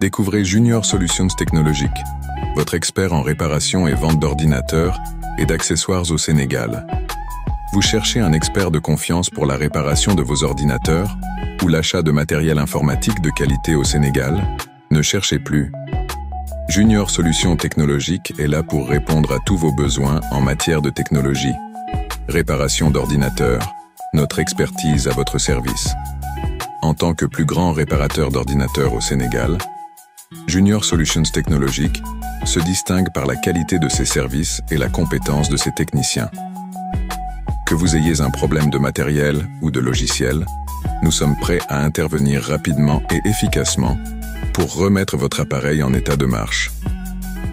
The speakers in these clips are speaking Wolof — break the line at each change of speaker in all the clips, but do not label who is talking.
découvrez Junior Solutions Technologiques, votre expert en réparation et vente d'ordinateurs et d'accessoires au Sénégal. Vous cherchez un expert de confiance pour la réparation de vos ordinateurs ou l'achat de matériel informatique de qualité au Sénégal Ne cherchez plus. Junior Solutions Technologiques est là pour répondre à tous vos besoins en matière de technologie. Réparation d'ordinateurs, notre expertise à votre service. En tant que plus grand réparateur d'ordinateurs au Sénégal, Junior Solutions Technologiques se distingue par la qualité de ses services et la compétence de ses techniciens. Que vous ayez un problème de matériel ou de logiciel, nous sommes prêts à intervenir rapidement et efficacement pour remettre votre appareil en état de marche.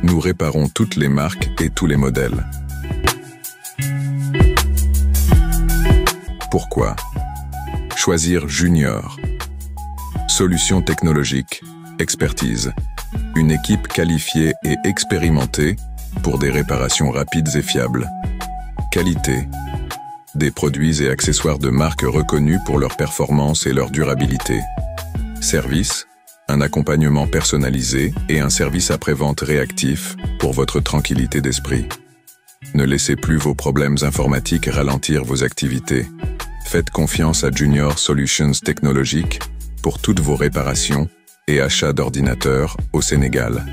Nous réparons toutes les marques et tous les modèles. Pourquoi Choisir Junior. Solutions technologique expertise. Une équipe qualifiée et expérimentée pour des réparations rapides et fiables. Qualité. Des produits et accessoires de marque reconnus pour leur performance et leur durabilité. Service. Un accompagnement personnalisé et un service après-vente réactif pour votre tranquillité d'esprit. Ne laissez plus vos problèmes informatiques ralentir vos activités. Faites confiance à Junior Solutions Technologiques pour toutes vos réparations et achat d'ordinateurs au Sénégal.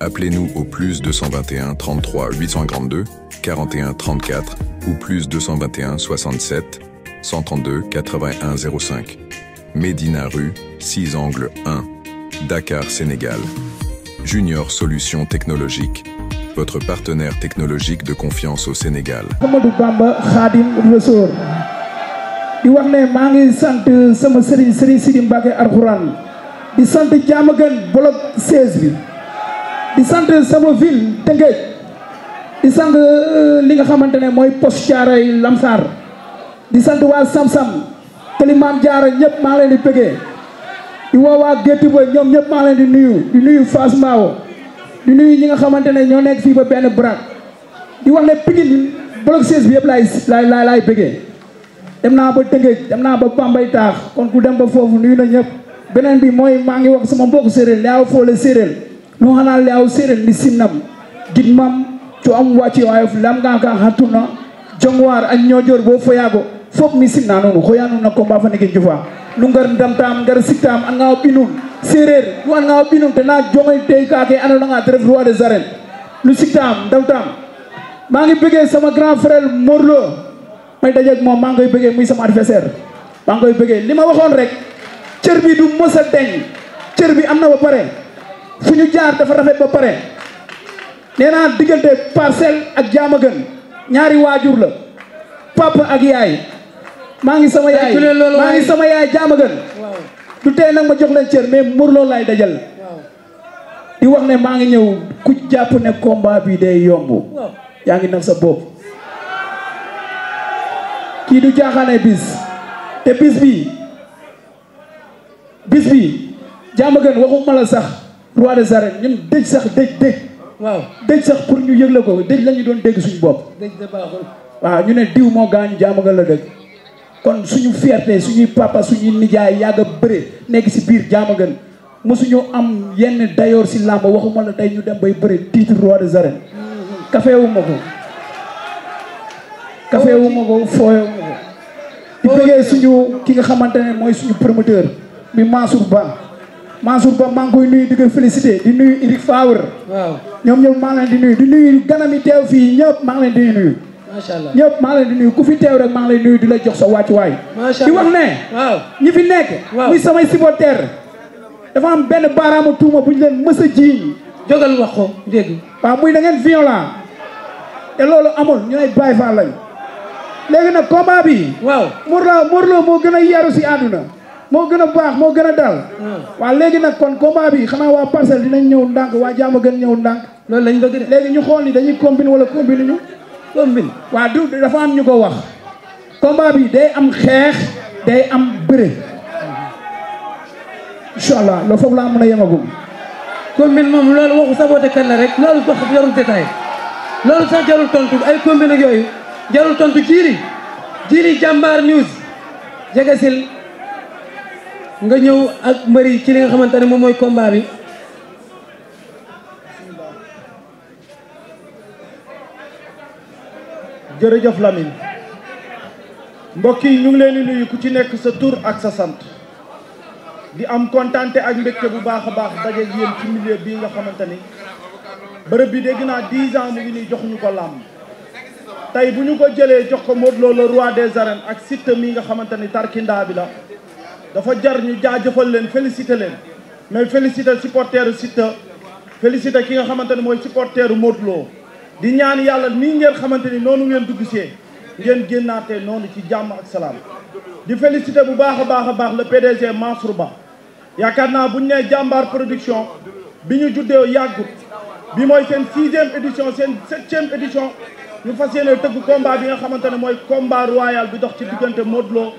Appelez-nous au plus 221 33 842 41 34 ou plus 221 67 132 81 05. Médina rue, 6 angle 1, Dakar, Sénégal. Junior Solutions Technologiques, votre partenaire technologique de confiance au Sénégal.
Khadim di sant Diamaguène bloc 16 bi di sant sama ville Tëngéej di sant euh, li nga xamante ne mooy poste Thiaroye Lamsar di sant waa Sam-Sam Kelimaan Jaara ñëpp maa ngi leen di bëggee di woo waa Gétti ñoom ñëpp maa leen di nuyu di nuyu Fass Mbao di nuyu ñi nga xamante ne ñoo nekk fii ba benn brak di wax ne Pikine bloc 16 bi yëpp laay laay lay laay bëggee dem naa ba Tëngéej dem naa ba Bambey taax kon ku dem ba foofu nuyu na ñëpp. beneen bi mooy maa ngi wax sama mbokk séeréer leyaw foole séeréer lu xanaa leyaw séeréer li simnam gidmam to am wacci wayof lamgaka xa tuna na a ñojoor bo foyago fop mi simna nuun xoya nuun na combat fa neke njufa nu ngar ndamtam ngar siktam an nga o ɓinun séeréer nu an nga o ɓinun tena jongel tey kake ando nanga te ref roi des arènes nu siktam ndamtam maa ngi bëggee sama grand frère Morlo may dajeeg moom maa ngi koy bëggee muy sama adversaire maa ngi koy bëggee li ma waxoon rek cër bi du mës a cër bi am na ba pare fu ñu jaar dafa rafet ba pare nee naa diggante parcelle ak jaamagan ñaari waajur la papa ak yaay maa ngi sama yaay maa ngi sama yaay jaamagan du tey nag ma jox leen cër mais Modou laay dajal di wax ne maa ngi ñëw ku jàpp ne combat bi day yomb yaa ngi nax sa bopp kii du jaaxaane bis te bis bi bis bi jàmm gën waxuma la sax roi des arènes ñun dëj sax dëj dëj. waaw dëj sax pour ñu yëg la ko dëj la ñu doon dégg suñu bopp. dëj de waaw ñu ne diw moo gaañu jàmm la dëgg kon suñu fierté suñuy papa suñuy nijaay yàgg a bëre nekk si biir jàmm gën mosuñu am yenn dayoor si làmb waxuma la tey ñu dem bay bëre titre roi des arènes. Mm-hmm. café wu ma ko. café ko fooyoo ma ko. di bëggee suñu ki nga xamante ne mooy suñu promoteur. mi Mansour Ba Mansour Ba maa ngi koy nuyu di ko félicité di nuyu Eric Favre. waaw ñoom ñëpp maa leen di nuyu di nuyu ganam yi teew fii ñëpp maa ngi leen di nuyu. macha allah ñëpp maa ngi leen di nuyu ku fi teew rek maa ngi lay nuyu di la jox sa wàccuwaay. macha allah di wax ne. waaw ñi fi nekk. waaw muy samay supporters. dafa am benn baaraamu tuuma bu ñu leen mës a jiiñ. jógal wax ko dégg. waaw muy da ngeen violent te loolu amul ñu ay Baay Faal lañ léegi nag combat bi. waaw Mor la moo gën a yaru si àdduna. moo gën a baax moo gën a dal. Hmm. waa léegi nag kon combat bi xanaa waa parcelle dinañ ñëw ndànk waa jàmm gën ñëw ndànk. loolu lañ bëgg de léegi ñu xool ni dañuy combine wala combine ñu. combine waa du dafa am ñu ko wax. combat bi day am xeex day am bëre. incha allah loolu foofu laa mën a yemagum. combine moom loolu waxu saboté kan la sax jarul détail tontu ay combine ak yooyu jarul tontu jiiri jiiri jàmbaar news jegesil nga ñëw ak mbëri ci li nga xamante ne moom mooy combat bi
jërëjëf Lamine mbokk yi ñu ngi leen di nuyu ku ci nekk sa tur ak sa sant di am kontante ak mbégte bu baax a baax daje ak ci milieu bii nga xamante ni bërëb bi dégg naa dix ans mu ngi nii jox ñu ko làmb tey bu ñu ko jëlee jox ko Modou Lo le roi des arènes ak Siteu mi nga xamante ni tarkindaa bi la dafa jar ñu jaajëfal leen félicité leen mais félicité supporteru Siteu félicité ki nga xamante ne mooy supporteru Modou Lo di ñaan yàlla nii ngeen xamante ni noonu ngeen dugg see ngeen génnaatee noonu ci jàmm ak salaam di félicité bu baax a baax a baax le PDG Mansour Ba yaakaar naa buñ nee jàmbaar production bi ñu juddee yàggut bi mooy seen sixième édition seen septième édition ñu fas yéene tëgg combat bi nga xamante ne mooy combat royal bi dox ci diggante Modou Lo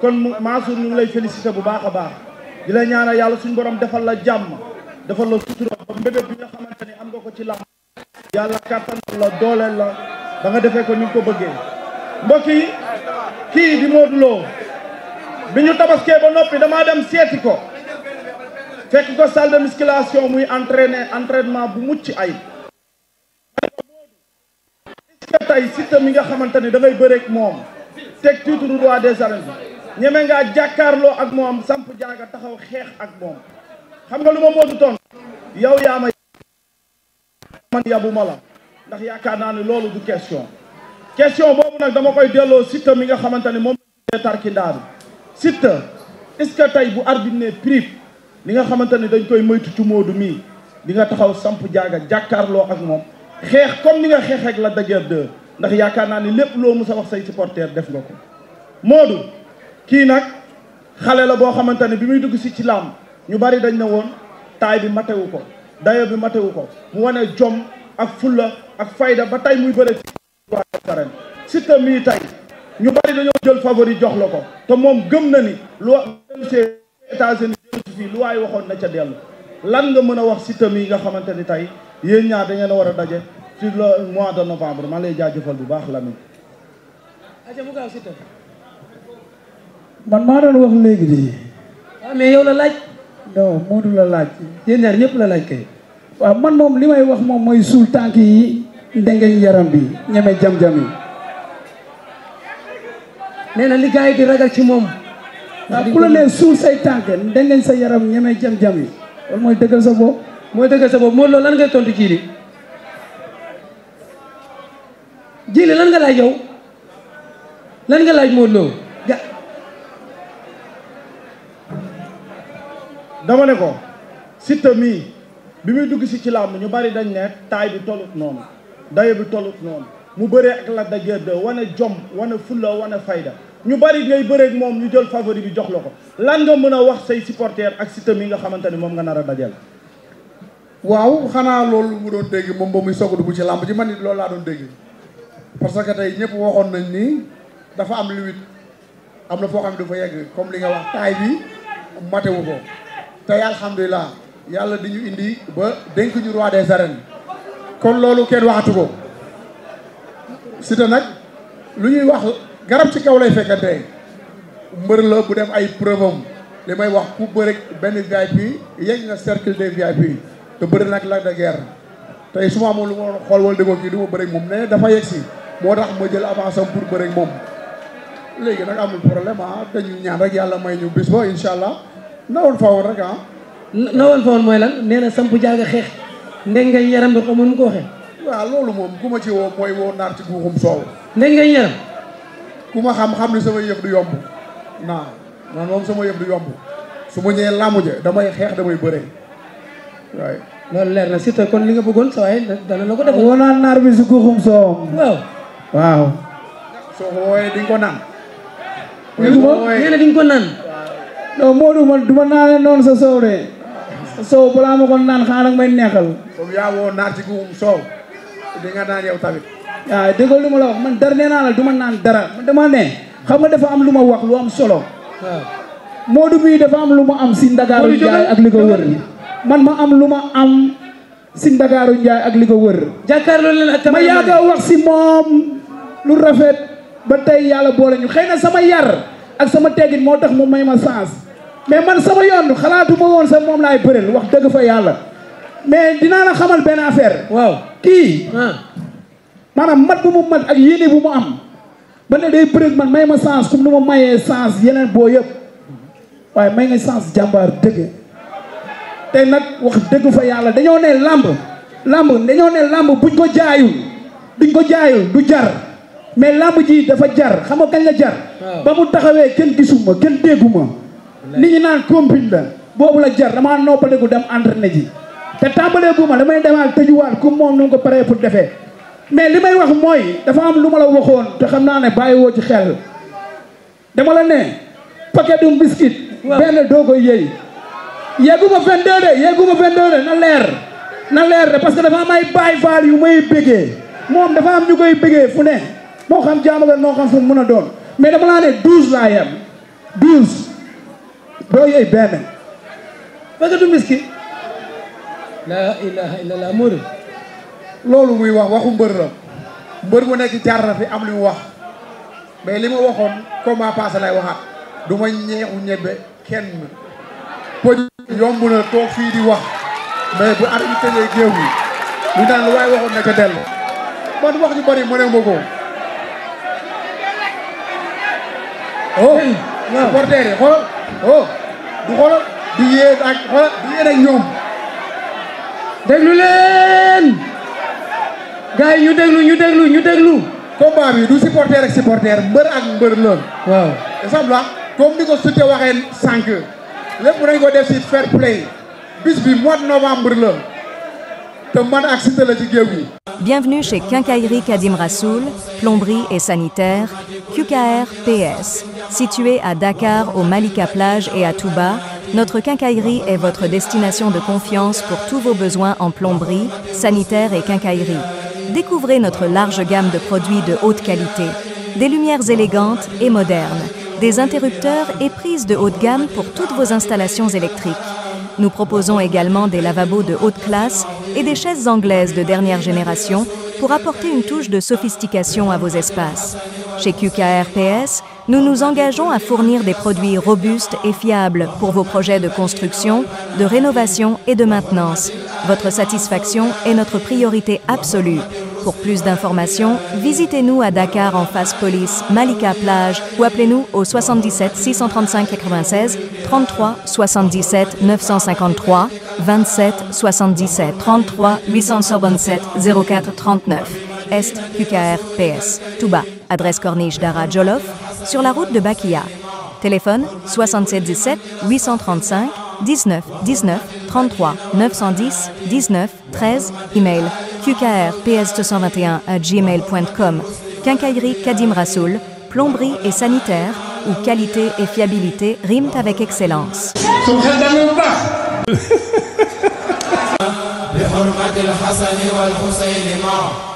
kon Mansour ñu lay féliciter bu baaxa baax di la ñaanal yalla suñu borom defal la jamm defal la sutura ba mbébét bi nga xamanteni am nga ko ci lamb yalla katan la dole la ba nga defee ko ñu ko bëggé mbokk yi kii di modulo Lo bi ñu tabaskee ba nopi dama dem séti ko fekk ko salle de musculation muy entraîner entraînement bu mucc ay tay sitam mi nga xamante da ngay bëreek moom teg titre roi des arènes ñeme nga jakarlo ak mom samp jaaga taxaw xex ak mom xam nga luma modou ton yow yaa man yabu ndax lolu du question question bobu nak dama koy delo site mi nga xamantani mom moom lañ tarkindaa est-ce que tay bu arbitre ne prip li nga xamantani dañ koy moytu ci takau mi di nga taxaw samp jaaga jakarlo ak mom xex comme ni nga xex ak la dajeur de ndax ni lo mu sa wax say supporter def nga ko modou kii nag xale la boo xamante ne bi muy dugg si ci làmb ñu bari dañ ne woon taay bi matewu ko dayo bi matewu ko mu wane jom ak fulla ak fayda ba tey muy bëre ci Siteu mii tey ñu bari dañoo jël favori jox la ko te moom gëm na ni lu see États-Unis jëlsi fii lu waaye waxoon na ca dellu lan nga mën a wax Siteu mii nga xamante ni tey yéen ñaar da ngeen daje ci le mois de novembre maa lay jaajëfal bu baax Lamine aca man
maa doon wax léegi de. waaw ah, mais yow la laaj. non Modou la laaj yéen ñaar ñëpp la laaj kay. waaw man moom li may wax moom mooy suul tànk yi ndengeñ yaram bi ñeme jam-jam yi. nee na li gars yi di ragal ci moom. waaw ku la nee suul say tànk ndengeñ sa yaram ñeme jam-jam yi loolu mooy dëggal sa bopp. mooy dëggal sa bopp Modou lan ngay tontu jiili. jiili lan nga laaj yow lan nga laaj Modou Lo.
dama ne ko site mi bi muy dugg si ci lamb ñu bari dañ ne taay bi tolut noonu dayo bi tolut noonu mu bëree ak Lac de Guiers jom wane fulla wane fayda ñu bari ngay ak moom ñu jël favori bi jox la ko lan nga mën a wax say supporter ak site mi nga xamanteni ni moom nga nara a dajal waaw xanaa loolu mu doon dégg moom ba muy ci lamb ji man it loolu laa doon dégg
parce que tey ñëpp waxoon nañ ni dafa am limite am na foo dafa yegg comme li nga wax taay bi matewu ko tey ya yàlla di indi ba denk ñu roi des arènes kon lolu kenn waxatu ko Siteu nak lu ñuy wax garab ci kaw lay fekkantee mbeur la bu dem ay preuve am limay wax ku rek ben VIP yegg na cercle des VIP te beur nak la de guerre tay suma mo lu mo xol wol wala déggoo kii du ma bëri moom ne dafa yegg si moo tax ma jël avance pour beur rek mom léegi nak amul problème ha ah, dañu ñaan rek yalla may ñu bis ba nawal fawal rek ah. nawal fawal mooy lan nee na sampu jaaga xeex ndengay yaram bi xamul mu ko waxee. waaw loolu moom ku ma ci woo mooy woo naar ci guuxum soow. ndengay yaram. ku ma xam xam ni sama yëf du yomb naa moom sama yëf yomb su ma ñëwee làmb ja damay xeex damay bëree waaye. leer na Siteu kon li nga bëggoon sa waay dana ko def. woo
naa naar bi si guuxum waaw waaw.
soo ko wooyee di ko naan.
di nga ko wooyee ko naan. no modu man duma naa non sa soow so soow mo kon nan naan xaaral may
so ya wo na ci gum so di nga dan yow tamit
ya de ko luma la wax man dar neena la duma nan dara man dama ne xam nga dafa am luma wax lu am solo Modu bi dafa am luma am si ndagaru jaay ak liko wër man ma am luma am si ndagaru jaay ak liko wër ma wax si mom lu rafet ba tay yalla boole ñu xeyna sama yar ak sama teggin motax mau mu may mais man sama yoon xalaatu ma woon sa moom laay bëreel wax dëgg fa yàlla mais dinaa la xamal benn affaire. waaw kii. Ah. maanaam mat bu mu mat ak yéene bu mu am ba ne day bëreeg man may ma chance comme nu ma mayee chance yeneen boo yëpp waaye may nga chance jàmbaar dëgg te nag wax dëgg fa yàlla dañoo ne làmb làmb dañoo ne làmb buñ ko jaayul duñ ko jaayul du jar mais làmb ji dafa jar xam nga kañ la jar. ba mu taxawee kenn gisuma kenn dégguma li ñu naan compine la boobu la jar damaa noppaleku dem entraîné ji te tàmbalee guuma damay demaat tëjuwaat comme moom nu ko paree pour defee mais li may wax mooy dafa am lu ma la waxoon te xam naa ne bàyyiwoo ci xel dama la ne paquet du biscuit benn doo koy yëy yeeguma fen de yeeguma fen de na leer na leer de parce que dafa am ay baay faal yu may bégee moom dafa am ñu koy bégee fu ne moo xam jaamagan moo xam fu mën a doon mais dama laa ne douze laa yem douze
boo yooyu benn bagatu miski
laa ilaha illallah mari
loolu muy wax waxu mbër la mbër mu nekk jaar na fi am li mu wax mais li ma waxoon comment passé lay waxaat du ma ñeexu ñebe kenn poj yomb na toog fii di wax mais bu ar bi tëjee géew yi lu naan lu waxoon na dellu man wax ju bëri mu ne ma ko oh supporter yi oh du di yéeg ak xoolal di yéeg ak ñom déglu leen gars yi ñu déglu ñu déglu ñu déglu combat bi du supporter ak supporter mbeur ak mbër la waaw exemple la hein, comme ni ko sute waxee lepp lépp nañ ko def ci fair play bis bi mois de novembre la
te man ak cité la ci gëw gi Bienvenue chez Quincaillerie Kadim Rassoul, plomberie et sanitaire, QKR PS. Située à Dakar, au Malika Plage et à Touba, notre quincaillerie est votre destination de confiance pour tous vos besoins en plomberie, sanitaire et quincaillerie. Découvrez notre large gamme de produits de haute qualité. Des lumières élégantes et modernes, des interrupteurs et prises de haute gamme pour toutes vos installations électriques. Nous proposons également des lavabos de haute classe et des chaises anglaises de dernière génération pour apporter une touche de sophistication à vos espaces. Chez QKRPS, nous nous engageons à fournir des produits robustes et fiables pour vos projets de construction, de rénovation et de maintenance. Votre satisfaction est notre priorité absolue. Pour plus d'informations, visitez-nous à Dakar en face police Malika Plage ou appelez-nous au 77 635 96 33 77 953 27 77 33 827 04 39 Est QKR PS Touba, adresse Corniche Dara Jolof sur la route de Bakia, Téléphone 17 835 19 19 33 910 19 13. Email qkrps221 à gmail.com. Quincaillerie Kadim Rassoul, plomberie et sanitaire, où qualité et fiabilité riment avec excellence.